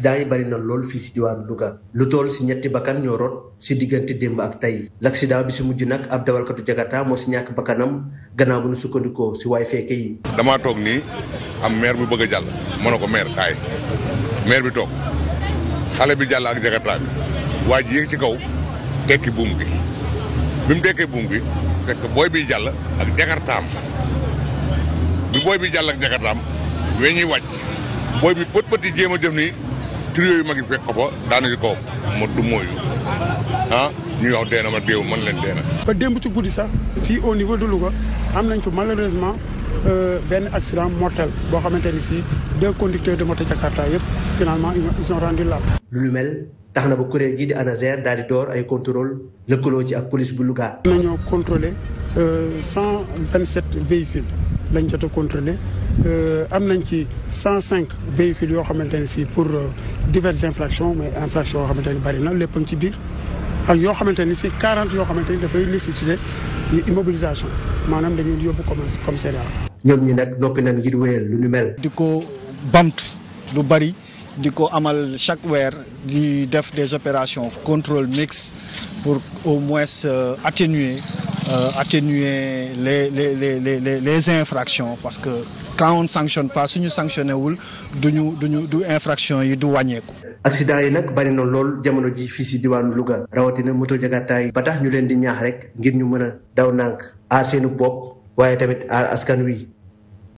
accident yi bari na lool fii si diwaan Louga lu toll si ñetti bakkan ñoo rot si diggante démb ak tey l' bi si mujj nag ab dawalkatu jakarta moo ci ñàkk bakkanam gannaaw bu nu sukkandikoo si waay fekke yi damaa toog nii am maire bu bëgg a jàll ma ne ko maire kaay maire bi toog xale bi jàll ak jakarta bi waa ji ci kaw tekki buum gi bi booy bi jàll ak jakartaam bi booy bi jàll ak jakartaam weñuy wàcc booy bi pët pët yi jéem a def nii tur yooyu ma ngi fekk ko fa daanaka kaw ma du mooyu ah ñuy wax dee na ma déew man leen dee ba démb ci guddi sax fii au niveau de Louga am nañ fi malheureusement euh, benn accident mortel boo xamante ni si deux conducteurs de moto Jakarta yëpp finalement ils ont rendu là. lu mel tax na ba kuréel gii di ANASER daal di door ay contrôle lëkkaloo ci ak police bu Louga. nañoo contrôlé euh, cent vingt sept véhicules lañ jot a Euh, am nañ ci cent cinq véhicules yoo xamante ne si pour euh, diverses infractions mais infractions yoo xamante ne bari na lépp ci biir ak yoo xamante ni si quarante yoo xamante ni dafay nécessité immobilisation maanaam dañuy yóbbu commencé commissariat. ñoom ñi nag noppi nañ ngir wéyal lu ñu mel. di ko bamtu lu bari di ko amal chaque weer di def des opérations contrôle mixte pour au moins euh, atténuer. euh, atténuer les les les les les infractions parce que quand on ne sanctionne pas suñu sanctionné wul duñu duñu du infractions yi du wàññeeku. accident yi nag bari na lool jamono ji fii si diwaanu Louga rawatina moto jagataay ba tax ñu leen di ñaax rek ngir ñu mën a daw nànk aar seenu bopp waaye tamit aar askan wi.